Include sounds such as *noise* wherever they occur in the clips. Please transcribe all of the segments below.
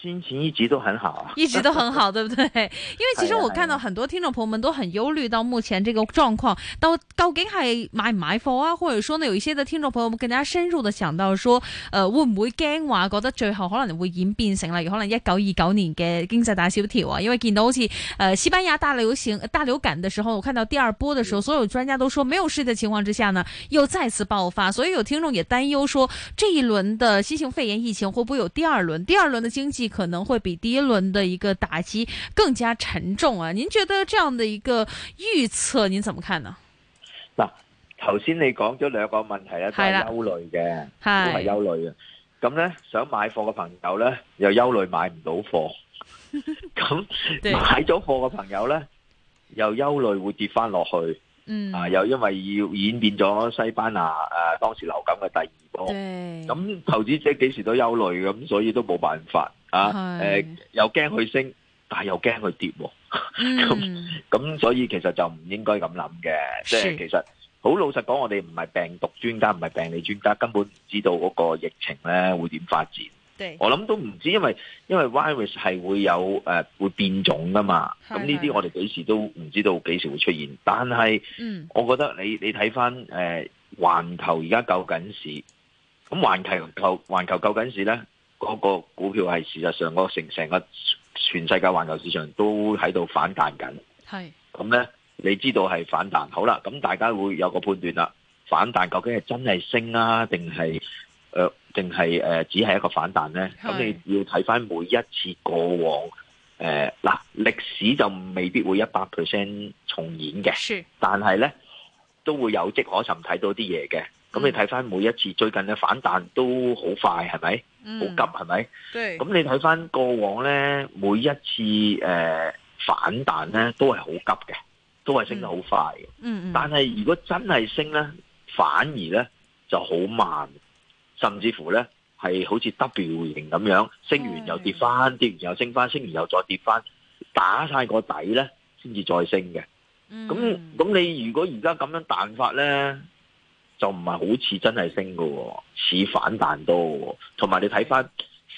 心情一,一直都很好，一直都很好，對不對？因為其實我看到很多聽眾朋友們都很憂慮，到目前這個狀況，到究竟係買唔買貨啊？或者說呢，有一些的聽眾朋友們更加深入的想到說，呃，會唔會驚話？覺得最後可能會演變成了有可能一九二九年嘅經濟大蕭條啊？因為見到好似，呃，西班牙大流行、大流感的時候，我看到第二波的時候，嗯、所有專家都說沒有事的情況之下呢，又再次爆發，所以有聽眾也擔憂說，這一輪的新型肺炎疫情會不會有第二輪？第二輪的經濟。可能會比第一輪的一個打擊更加沉重啊！您覺得這樣的一個預測，您怎麼看呢？嗱，頭先你講咗兩個問題咧，是的都係憂慮嘅，都係的憂慮嘅。咁咧，想買貨嘅朋友咧，又憂慮買唔到貨；咁買咗貨嘅朋友咧，又憂慮會跌翻落去。嗯，啊，又因為要演變咗西班牙，誒、啊，當時流感嘅第二波，咁對投資者幾時都憂慮，咁所以都冇辦法，啊，誒是、呃，又驚佢升，但係又驚佢跌、哦，咁咁、嗯、 *laughs* 所以其實就唔應該咁諗嘅，是即係其實好老實講，我哋唔係病毒專家，唔係病理專家，根本唔知道嗰個疫情咧會點發展。對我諗都唔知，因為因為 virus 係會有誒、呃、會變種噶嘛，咁呢啲我哋幾時都唔知道幾時會出現，但係我覺得你、嗯、你睇翻誒環球而家救緊市，咁環球救環球救緊市咧，嗰，那個股票係事實上個成成個全世界環球市場都喺度反彈緊，係是，咁咧你知道係反彈，好啦，咁大家會有個判斷啦，反彈究竟係真係升啊定係？還是誒，定係誒，只係一個反彈咧？咁是你要睇翻每一次過往誒，嗱、呃，歷史就未必會一百 percent 重演嘅，是但係咧都會有迹可尋睇到啲嘢嘅。咁你睇翻每一次、嗯、最近嘅反彈都好快，係咪？好、嗯、急，係咪？咁對你睇翻過往咧，每一次誒、呃、反彈咧都係好急嘅，都係升得好快嘅。嗯、但係如果真係升咧，反而咧就好慢。甚至乎咧，係好似 W 型咁樣，升完又跌翻，跌完又升翻，升完又再跌翻，打晒個底咧，先至再升嘅。咁咁，你如果而家咁樣彈法咧，就唔係好似真係升喎、哦，似反彈多、哦。同埋你睇翻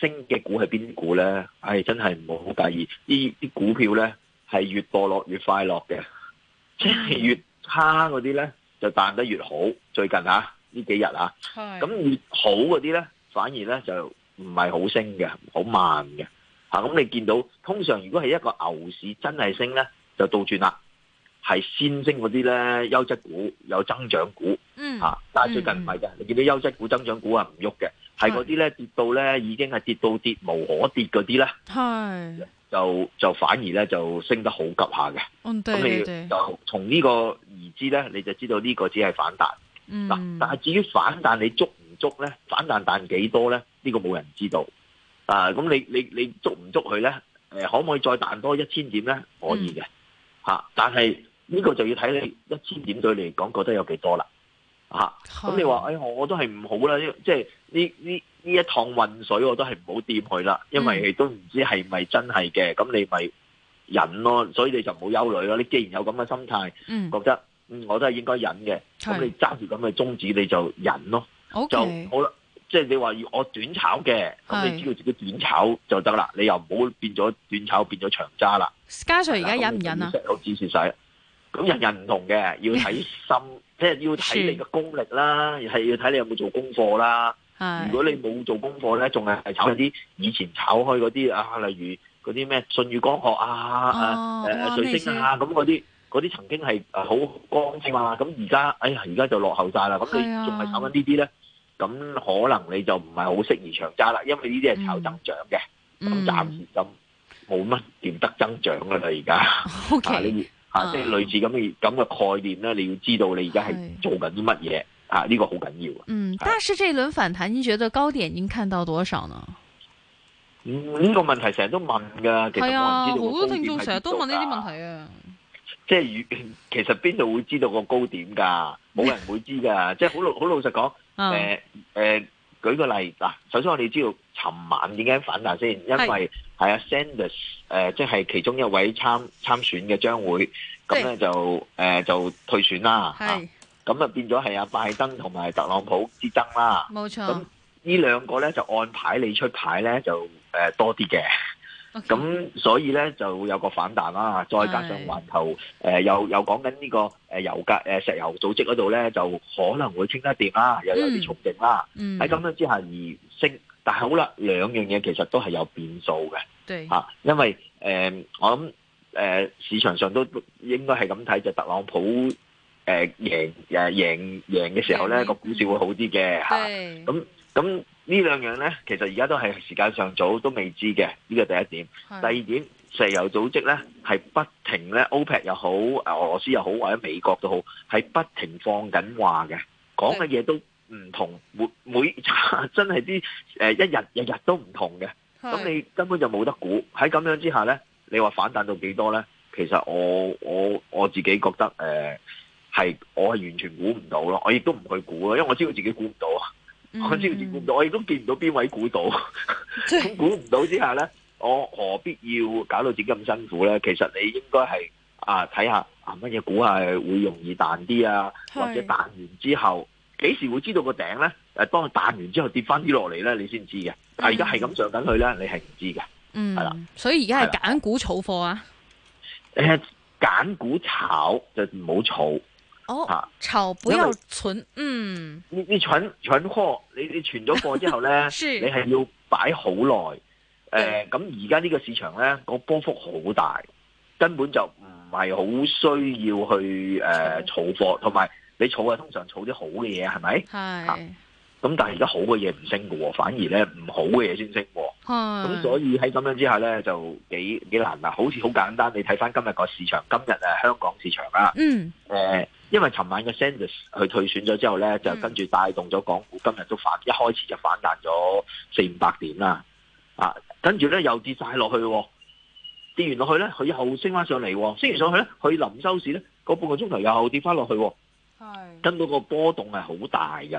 升嘅股係邊股咧？唉、哎，真係唔好介意，呢啲股票咧係越墮落越快樂嘅，即 *laughs* 係越差嗰啲咧就彈得越好。最近吓、啊。呢幾日啊，咁越是好嗰啲咧，反而咧就唔係好升嘅，好慢嘅。吓、啊，咁你見到通常如果係一個牛市真係升咧，就倒轉啦，係先升嗰啲咧優質股、有增長股。嗯。吓、啊，但係最近唔係嘅，嗯、你見到優質股、增長股係唔喐嘅，係嗰啲咧跌到咧已經係跌到跌無可跌嗰啲咧，係是就就反而咧就升得好急下嘅。咁、嗯、你就從呢個而知咧，你就知道呢個只係反彈。嗱，嗯、但係至於反彈你捉唔捉咧？反彈彈幾多咧？呢、這個冇人知道啊！咁你你你捉唔捉佢咧？誒、呃，可唔可以再彈多一千點咧？可以嘅吓、嗯啊，但係呢個就要睇你一千點對你嚟講，覺得有幾多啦吓。咁、啊、你話誒能、哎，我都係唔好啦，即係呢呢呢一趟渾水，我都係唔好掂佢啦，因為你都唔知係咪真係嘅。咁、嗯、你咪忍咯，所以你就唔好憂慮咯。你既然有咁嘅心態，嗯、覺得。我都係應該忍嘅，咁你揸住咁嘅宗旨，你就忍咯，就好啦。即係你話要我短炒嘅，咁你只要自己短炒就得啦。你又唔好變咗短炒變咗長揸啦。加上而家忍唔忍啊？好似蝕曬。咁人人唔同嘅，要睇心，即係要睇你嘅功力啦，係要睇你有冇做功課啦。如果你冇做功課咧，仲係係炒啲以前炒開嗰啲啊，例如嗰啲咩信譽光學啊、水星啊咁嗰啲。嗰啲曾經係好光鮮嘛，咁而家，哎呀，而家就落後晒啦。咁你仲係炒緊呢啲咧，咁可能你就唔係好適宜長揸啦，因為呢啲係炒增長嘅。咁、嗯、暫時咁冇乜點得增長啦，而家、嗯。O K，即係類似咁嘅咁嘅概念咧，你要知道你而家係做緊啲乜嘢嚇，呢是、啊這個好緊要。嗯，啊、但大市這輪反彈，您覺得高點已經看到多少呢？呢、嗯這個問題成日都問㗎，其實啊，好多聽眾成日都問呢啲問題啊。即係其實邊度會知道個高點㗎？冇人會知㗎。 *laughs* 即係好老好老實講、嗯呃，舉個例嗱。首先我哋知道，尋晚點解反彈先？因為係阿 Sanders 誒、呃，即係其中一位參參選嘅將會，咁咧是就誒、呃、就退選啦。係咁是啊，就變咗係阿拜登同埋特朗普之爭啦。冇錯。咁呢兩個咧就按牌你出牌咧就誒、呃、多啲嘅。咁 Okay. 所以咧就會有個反彈啦、啊，再加上環球誒的、呃、又又講緊呢個、呃、油價石油組織嗰度咧就可能會傾得掂啦，嗯、又有啲重證啦、啊。喺咁、嗯、樣之下而升，但係好啦，兩樣嘢其實都係有變數嘅嚇對、啊，因為誒、呃、我諗、呃、市場上都應該係咁睇，就特朗普誒、呃、贏誒贏嘅時候咧對個股市會好啲嘅咁咁。對啊。呢兩樣呢，其實而家都係時間尚早，都未知嘅。呢個第一點，第二點，是石油組織呢係不停呢是，OPEC 又好，俄羅斯又好，或者美國都好，係不停放緊話嘅，講嘅嘢都唔同，是每每真係啲、呃、一日日日都唔同嘅。咁是你根本就冇得估。喺咁樣之下呢，你話反彈到幾多呢？其實我我我自己覺得誒係、呃、我係完全估唔到咯，我亦都唔去估咯，因為我知道自己估唔到啊。我知估唔到，我亦都見唔到邊位估到。咁估唔到之下咧，我何必要搞到自己咁辛苦咧？其實你應該係啊，睇、啊、下啊乜嘢股係會容易彈啲啊，是或者彈完之後幾時會知道個頂咧？誒、啊，當彈完之後跌翻啲落嚟咧，你先知嘅。但而家係咁上緊去咧，你係唔知嘅。嗯，係啦的，所以而家係揀股儲貨啊。誒，揀股炒就唔好儲。吓炒，不要蠢。嗯，你你蠢蠢貨，你你存咗貨之後咧，你係要擺好耐，誒，咁而家呢個市場咧個波幅好大，根本就唔係好需要去誒儲貨，同埋你儲嘅通常儲啲好嘅嘢係咪？係，咁但係而家好嘅嘢唔升㗎，反而咧唔好嘅嘢先升，咁所以喺咁樣之下咧就幾幾難啦，好似好簡單，你睇翻今日個市場，今日啊香港市場啦，嗯，誒。因為尋晚嘅 Sanders 佢退選咗之後咧，就跟住帶動咗港股今日都反，一開始就反彈咗四五百點啦。啊，跟住咧又跌晒落去，跌完落去咧佢又升翻上嚟，升完上去咧佢臨收市咧個半個鐘頭又跌翻落去。係跟到個波動係好大嘅，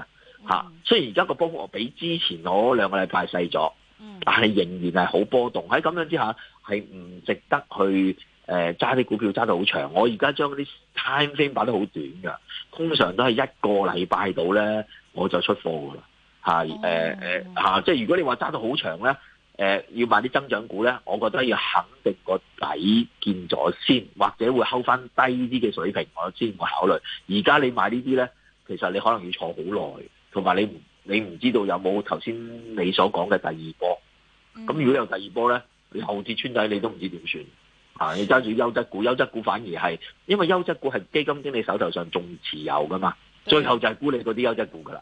吓、啊、雖然而家個波幅我比之前嗰兩個禮拜細咗，但係仍然係好波動。喺咁樣之下，係唔值得去誒揸啲股票揸到好長。我而家將啲 time frame 擺得好短噶，通常都係一個禮拜到咧，我就出貨噶啦，係，呃，呃吓，即係如果你話揸到好長咧、呃，要買啲增長股咧，我覺得要肯定個底見咗先，或者會 hold 翻低啲嘅水平，我先會考慮。而家你買呢啲咧，其實你可能要坐好耐，同埋你你唔知道有冇頭先你所講嘅第二波。咁如果有第二波咧，你後至穿底，你都唔知點算。你揸住優質股，優質股反而係，因為優質股係基金經理手頭上仲持有噶嘛，的最後就係沽你嗰啲優質股噶啦。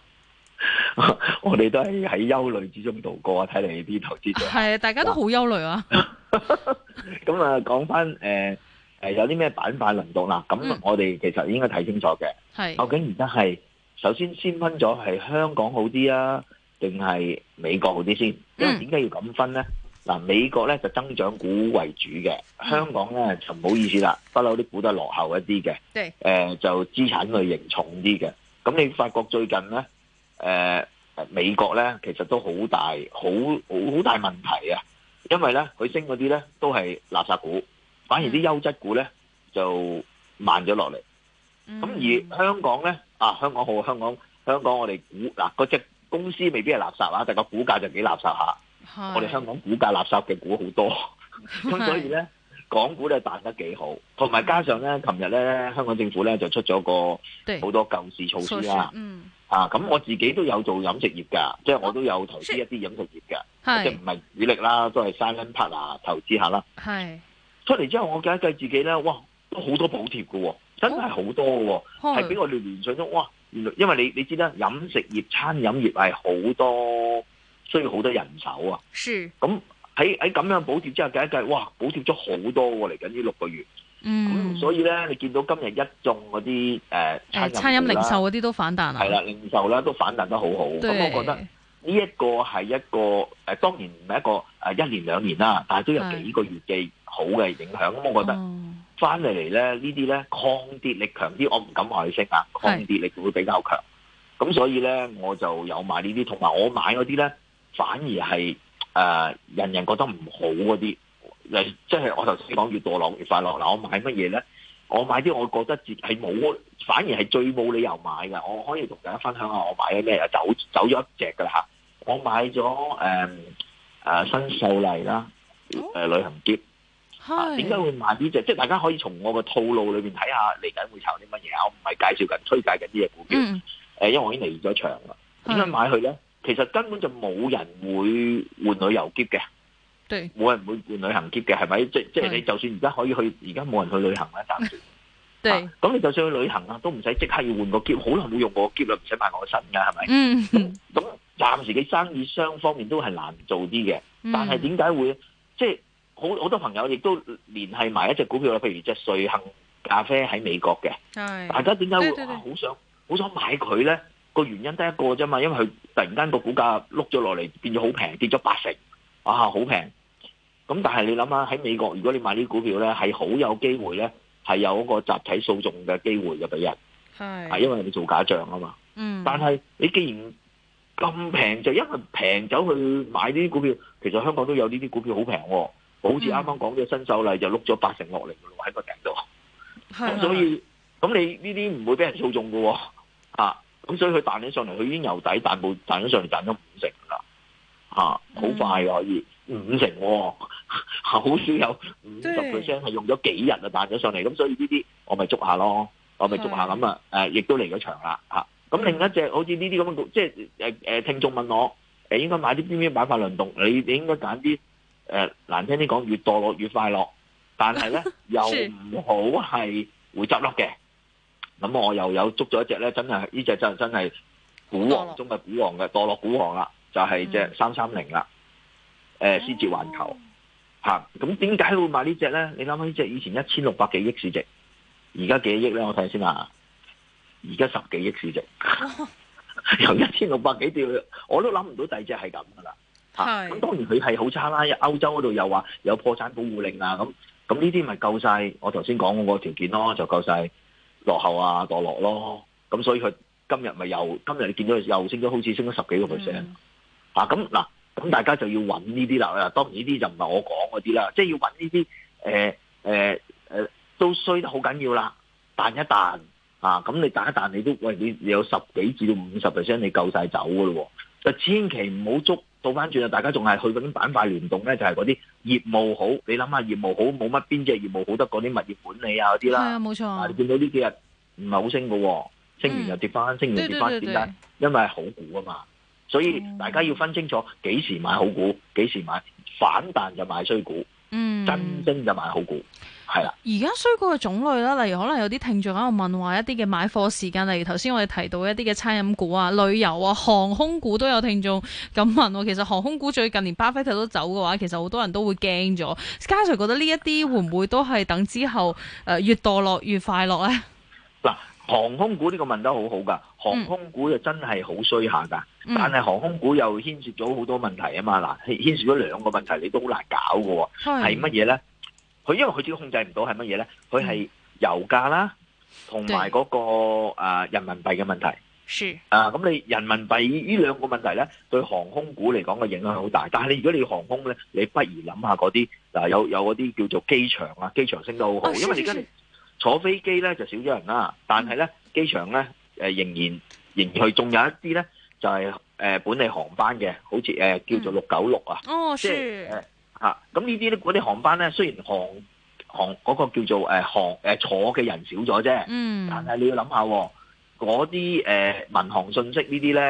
*laughs* 我哋都係喺憂慮之中度過啊！睇嚟，呢啲投資者係啊，大家都好憂慮啊。咁、 *laughs* 呃、啊，講翻誒誒，有啲咩板塊輪動啦？咁我哋其實應該睇清楚嘅。係是究竟而家係首先先分咗係香港好啲啊，定係美國好啲先？因為點解要咁分咧？嗱、啊，美國咧就是、增長股為主嘅，香港咧就唔好意思啦，不嬲啲股都係落後一啲嘅。對是，誒、呃、就資產類型重啲嘅。咁你發覺最近咧？誒、呃，美國咧其實都好大，好好好大問題啊！因為咧佢升嗰啲咧都係垃圾股，反而啲優質股咧就慢咗落嚟。咁、嗯、而香港咧，啊香港好，香港香港我哋股嗱嗰隻公司未必係垃圾啊，但個股價就幾垃圾下。是我哋香港股價垃圾嘅股好多，咁是 *laughs* 所以咧。港股咧彈得幾好，同埋加上咧，琴日咧香港政府咧就出咗個好多救市措施啦、啊。嗯，啊，咁我自己都有做飲食業㗎，即、就、係、是、我都有投資一啲飲食業㗎，即係唔係主力啦，是都係三蚊拍啊，投資下啦。係是出嚟之後，我計一計自己咧，哇，都好多補貼㗎喎、哦，真係好多喎、哦，係俾、哦、我哋聯想咗。哇，原來因為你你知啦，飲食業、餐飲業係好多需要好多人手啊。咁是。嗯喺喺咁樣補貼之後，計一計，哇，補貼咗好多喎、啊！嚟緊呢六個月，嗯，咁所以咧，你見到今日一眾嗰啲誒餐飲、餐飲零售嗰啲都反彈啦、啊，係啦，零售咧都反彈得好好。咁對我覺得呢一個係一個誒，當然唔係一個誒、呃、一年兩年啦，但係都有幾個月嘅好嘅影響咁的我覺得翻嚟嚟咧，這些呢啲咧抗跌力強啲，我唔敢話佢升價，抗跌力會比較強咁的所以咧，我就有買呢啲，同埋我買嗰啲咧，反而係。誒、呃，人人覺得唔好嗰啲，即係我頭先講越墮落越快樂嗱。我買乜嘢咧？我買啲我覺得自係冇，反而係最冇理由買噶。我可以同大家分享下我買咗咩啊？走走咗一隻噶啦吓，我買咗誒誒新秀麗啦，誒旅行喼。點解會買呢隻？是即係大家可以從我個套路裏邊睇下，嚟緊會炒啲乜嘢？我唔係介紹緊推介緊啲嘢股票，誒、嗯，因為我已經離咗場啦。點解買去咧？其實根本就冇人會換旅遊篋嘅，冇對人會換旅行篋嘅，係咪？即即係你就算而家可以去，而家冇人去旅行啦，暫時。咁對、啊、你就算去旅行啊，都唔使即刻要換個篋，好耐冇用過篋啦，唔使買個新噶，係咪？咁暫、嗯、時嘅生意雙方面都係難做啲嘅，但係點解會？嗯、即係好好多朋友亦都聯繫埋一隻股票啦，譬如隻瑞幸咖啡喺美國嘅，對大家點解會好、啊、想好想買佢呢？個原因得一個啫嘛，因為佢突然間個股價碌咗落嚟，變咗好平，跌咗八成，啊，好平。咁但係你諗下喺美國，如果你買呢啲股票咧，係好有機會咧，係有個集體訴訟嘅機會嘅俾人，係是因為你做假象假賬，啊嘛。嗯。但係你既然咁平，就因為平走去買呢啲股票，其實香港都有呢啲股票好平，哦，好似啱啱講嘅新秀麗，就碌咗八成落嚟喺個頂度。咁的所以咁你呢啲唔會俾人訴訟㗎啊。咁所以佢彈咗上嚟，佢已經由底彈冇彈咗上嚟，彈咗五成啦，好快啊，以、mm. 五成，哦，好少有五十 percent 係用咗幾日就、啊、彈咗上嚟。咁所以呢啲我咪捉下咯，我咪捉下咁對啊！亦都離咗場啦，咁、啊、另一隻好似呢啲咁嘅，即係誒誒，聽眾問我誒、呃、應該買啲邊啲板塊輪動？你你應該揀啲誒難聽啲講，越墮落越快樂，但係咧 *laughs* 又唔好係會執笠嘅。咁我又有捉咗一隻咧，真係呢隻就真係股王中嘅股王嘅，墮落股王啦，就係隻三三零啦。誒、嗯，思捷、呃、環球吓，咁點解會買隻呢隻咧？你諗下呢隻以前一千六百幾億市值，而家幾億咧？我睇下先啊，而家十幾億市值，由一千六百幾條，我都諗唔到第二隻係咁噶啦。咁當然佢係好差啦，歐洲嗰度又話有破產保護令啊，咁咁呢啲咪夠晒？我頭先講嗰個條件咯，就夠晒。落後啊，墮落落咯，咁所以佢今日咪又今日你見到佢又升咗，好似升咗十幾個 percent、嗯、啊！咁嗱，咁大家就要揾呢啲啦。當然呢啲就唔係我講嗰啲啦，即係要揾呢啲誒誒誒，都衰得好緊要啦，彈一彈啊！咁你彈一彈你都喂你有十幾至到五十 percent，你夠晒走噶咯，就千祈唔好捉。倒翻轉大家仲係去嗰啲板塊聯動咧，就係嗰啲業務好。你諗下業務好，冇乜邊隻業務好得嗰啲物業管理啊嗰啲啦。冇錯啊。你見到呢幾日唔係好升喎。升完又跌翻，嗯、升完跌翻。點解？因為好股啊嘛，所以大家要分清楚幾時買好股，幾時買反彈就買衰股，嗯，真升就買好股。係啦，而家衰股嘅種類啦，例如可能有啲聽眾喺度問話一啲嘅，買貨時間，例如頭先我哋提到一啲嘅餐飲股啊、旅遊啊、航空股都有聽眾咁問。其實航空股最近連巴菲特都走嘅話，其實好多人都會驚咗。佳 Sir 覺得呢一啲會唔會都係等之後誒越墮落越快樂咧？嗱，航空股呢個問得好好噶。嗯、航空股又真係好衰下噶，但係航空股又牽涉咗好多問題啊嘛。嗱，牽涉咗兩個問題，你都好難搞嘅，係乜嘢咧？佢因為佢自己控制唔到係乜嘢咧？佢係油價啦，同埋嗰個對、呃、人民幣嘅問題。是。誒咁、啊、你人民幣呢兩個問題咧，對航空股嚟講嘅影響好大。但係你如果你要航空咧，你不如諗下嗰啲嗱，有有嗰啲叫做機場啊，機場升得好好，哦、是是是因為而家坐飛機咧就少咗人啦。但係咧機場咧誒、呃、仍然仍然係仲有一啲咧就係、是、誒、呃、本地航班嘅，好似誒、呃、叫做六九六啊，嗯哦、即係。呃.啊！咁呢啲咧，嗰啲航班咧，雖然航航嗰、嗰個、叫做、啊、航誒、啊、坐嘅人少咗啫，嗯，但係你要諗下、哦，嗰啲誒民航信息呢啲咧，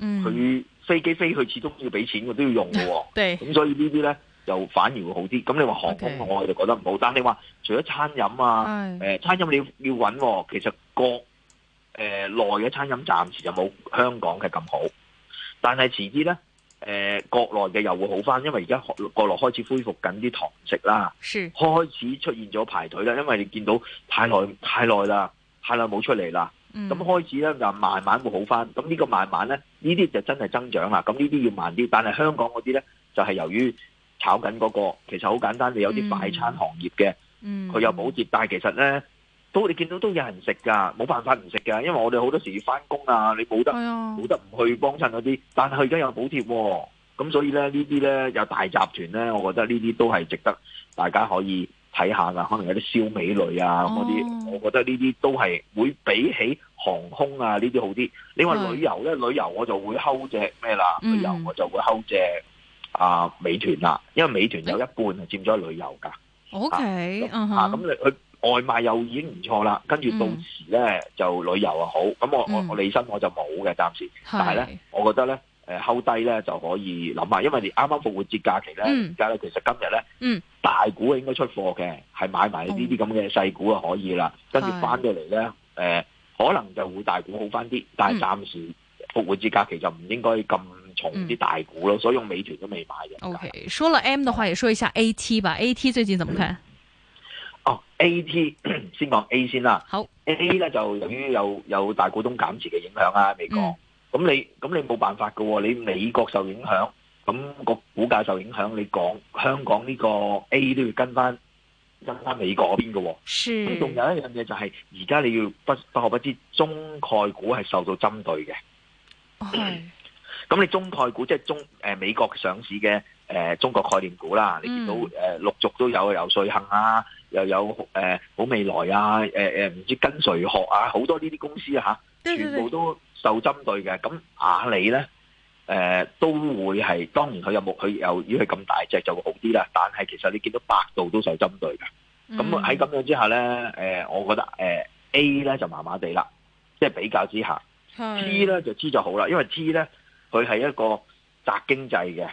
佢、嗯、飛機飛去始終要俾錢，我都要用嘅喎、哦，咁對所以呢啲咧就反而會好啲。咁你話航空我我就覺得唔好，okay，但你話除咗餐飲啊，誒的、啊、餐飲你要要揾喎、哦。其實國誒、呃、內嘅餐飲暫時就冇香港嘅咁好，但係遲啲咧。誒、呃、國內嘅又會好翻，因為而家國內開始恢復緊啲堂食啦，是開始出現咗排隊啦，因為你見到太耐太耐啦，太耐冇出嚟啦，咁、嗯、開始咧就慢慢會好翻。咁呢個慢慢咧，呢啲就真係增長啦。咁呢啲要慢啲，但係香港嗰啲咧就係、是、由於炒緊、那、嗰個，其實好簡單，你有啲快餐行業嘅，佢、嗯、有補貼，但係其實咧。都你見到都有人食噶，冇辦法唔食噶，因為我哋好多時要翻工啊，你冇得冇、啊、得唔去幫襯嗰啲，但係佢而家有補貼喎、哦，咁所以咧呢啲咧有大集團咧，我覺得呢啲都係值得大家可以睇下噶，可能有啲燒味類啊嗰啲、哦，我覺得呢啲都係會比起航空啊呢啲好啲。你話旅遊咧，啊、旅遊我就會 hold 隻咩啦？嗯、旅遊我就會 hold 隻啊美團啦，因為美團有一半係佔咗旅遊噶。O okay , K，啊咁你去。外賣又已經唔錯啦，跟住到時咧、嗯、就旅遊又好，咁我、嗯、我我離身我就冇嘅，暫時。嗯、但係咧，我覺得咧，誒、呃、後底咧就可以諗下，因為啱啱復活節假期咧，而家咧其實今日咧，嗯、大股應該出貨嘅，係買埋呢啲咁嘅細股啊可以啦，嗯、跟住翻到嚟咧，可能就會大股好翻啲，但係暫時復活節假期就唔應該咁重啲大股咯，嗯、所以用美團都未買嘅。O、okay, K，說了 M 的話，也說一下 A T 吧，A T 最近怎麼看？哦，A T 先講 A 先啦。好 A 咧就由於有有大股東減持嘅影響啊，美國咁、嗯、你咁你冇辦法噶、哦，你美國受影響，咁、個股價受影響，你講香港呢個 A 都要跟翻跟翻美國嗰邊噶。嗯是，咁仲有一樣嘢就係而家你要不不不知中概股係受到針對嘅。咁 Okay *coughs* 你中概股即係中誒、呃、美國上市嘅誒、呃、中國概念股啦，你見到誒陸、嗯呃、續都有有稅行啊。又有誒、呃、好未來啊！誒誒唔知跟誰學啊！好多呢啲公司啊，對對對全部都受針對嘅。咁阿里咧誒都會係，當然佢有冇佢有，如果佢咁大隻就會好啲啦。但係其實你見到百度都受針對嘅。咁喺咁樣之下咧，誒、呃、我覺得誒、呃、A 咧就麻麻地啦，即係比較之下，T 咧的就知就好啦，因為 T 咧佢係一個宅經濟嘅誒、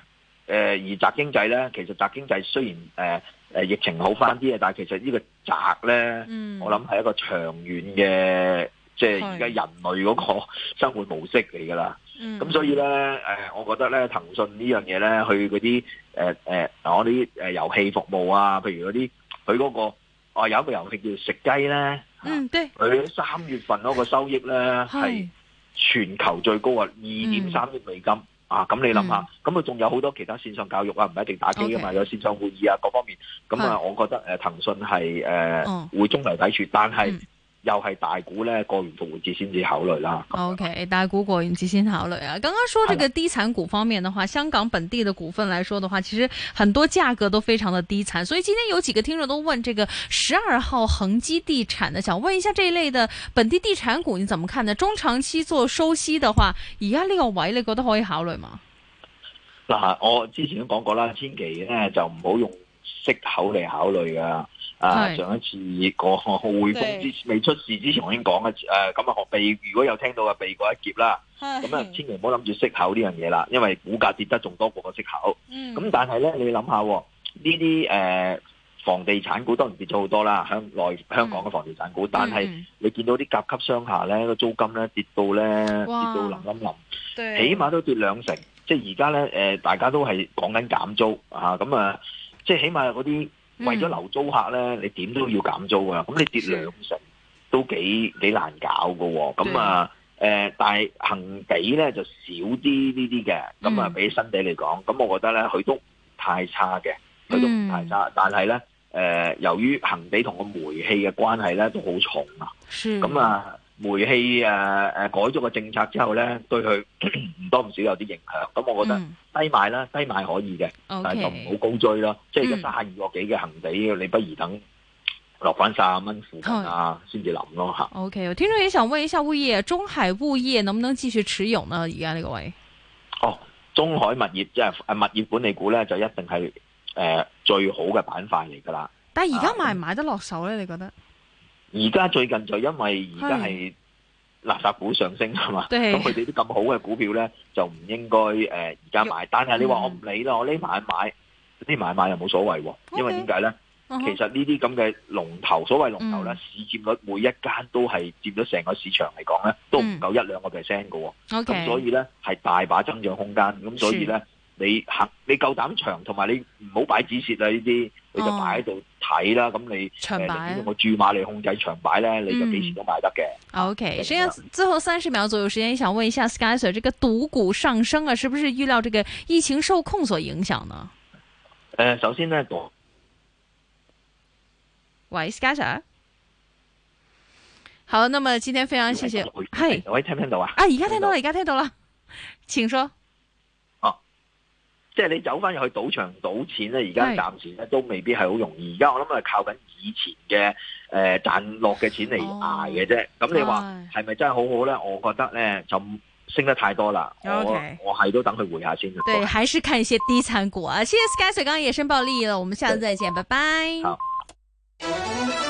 呃，而宅經濟咧其實宅經濟雖然誒。呃誒，疫情好翻啲啊！是但係其實呢個宅咧，嗯、我諗係一個長遠嘅，即係而家人類嗰個生活模式嚟噶啦。咁、嗯、所以咧，誒、呃，我覺得咧，騰訊呢樣嘢咧，去嗰啲誒誒，我啲誒遊戲服務啊，譬如嗰啲，佢嗰、嗰個啊有一個遊戲叫食雞咧，嗯，佢三、啊、月份嗰個收益咧係是全球最高啊，二點三億美金。嗯嗯啊，咁你諗下，咁佢仲有好多其他線上教育啊，唔一定打機啊嘛，Okay. 有線上會議啊各方面，咁啊，是我覺得誒騰訊係誒、呃哦、會中流砥柱，但係。嗯又係大股呢，過完復活節先至考慮啦。OK，大股過完節先考慮啊。剛剛說這個低產股方面的話，的香港本地的股份來說的話，其實很多價格都非常的低產，所以今天有幾個聽眾都問這個十二號恒基地產的小，想問一下這一類的本地地產股，你怎麼看呢？中長期做收息的話，而家呢個位你覺得可以考慮嗎？嗱、啊，我之前都講過啦，千祈呢，就唔好用息口嚟考慮噶。啊！是上一次個匯豐之，對未出事之前，我已經講一次誒，咁啊避，如果有聽到啊避過一劫啦，咁啊的千祈唔好諗住息口呢樣嘢啦，因為股價跌得仲多過個息口。咁、嗯、但係咧，你諗下呢啲誒房地產股當然跌咗好多啦，香內香港嘅房地產股，嗯、但係你見到啲甲級商廈咧個租金咧跌到咧哇跌到冧冧冧，對起碼都跌兩成。即係而家咧誒，大家都係講緊減租啊，咁、嗯、啊，即係起碼嗰啲。嗯、為咗留租客咧，你點都要減租㗎、啊？咁你跌兩成都幾的幾難搞噶，咁啊，誒、啊的呃，但係恒地咧就少啲呢啲嘅，咁啊、嗯，嗯、比起新地嚟講，咁我覺得咧佢都太差嘅，佢都唔太差。嗯、但係咧，誒、呃，由於恒地同個煤氣嘅關係咧都好重啊，咁的啊。煤氣誒誒、呃、改咗個政策之後咧，對佢唔 *coughs* 多唔少有啲影響。咁我覺得低買啦，嗯、低買可以嘅，okay, 但係就唔好高追咯。嗯、即係而家卅二個幾嘅恒地，你不如等落翻三十蚊附近啊，先至諗咯吓。O、okay, K，我聽眾也想問一下物業，中海物業能唔能繼續持有呢？而家呢個位？哦，中海物業即係、呃、物業管理股咧，就一定係誒、呃、最好嘅板塊嚟噶啦。但係而家買唔、啊、買得落手咧？你覺得？而家最近就因為而家係垃圾股上升啊嘛，咁佢哋啲咁好嘅股票咧，就唔應該誒而家買。但係你話我唔理咯，我匿埋買買，匿埋買買又冇所謂喎。因為點解咧？其實呢啲咁嘅龍頭，所謂龍頭咧，市佔率每一間都係佔咗成個市場嚟講咧，都唔夠一兩個 percent 㗎喎。咁所以咧係大把增長空間。咁所以咧，你肯你夠膽長，同埋你唔好擺止蝕啊！呢啲。你就擺喺度睇啦，咁、哦、你點用個注碼嚟控制長擺咧？你就幾時都買得嘅。嗯嗯、OK，時間、嗯、最後三十秒左右時間，嗯、想問一下士佳、啊、Sir，這個賭股上升啊，是不是預料這個疫情受控所影響呢、呃？首先呢，喂，士佳 Sir，好，那麼今天非常謝謝，係，喂是，聽唔聽到，聽到啊？啊，而家聽到啦，而家聽到啦，請說。即係你走翻入去賭場賭錢咧，而家暫時咧是都未必係好容易。而家我諗係靠緊以前嘅誒、呃、賺落嘅錢嚟捱嘅啫。咁、哦嗯、你話係咪真係好好咧？我覺得咧就升得太多啦。哦 okay、我我係都等佢回下先。對，多還是看一些低殘股啊。謝謝 Sky 水剛也申報利益啦。我們下次再見，對拜拜。好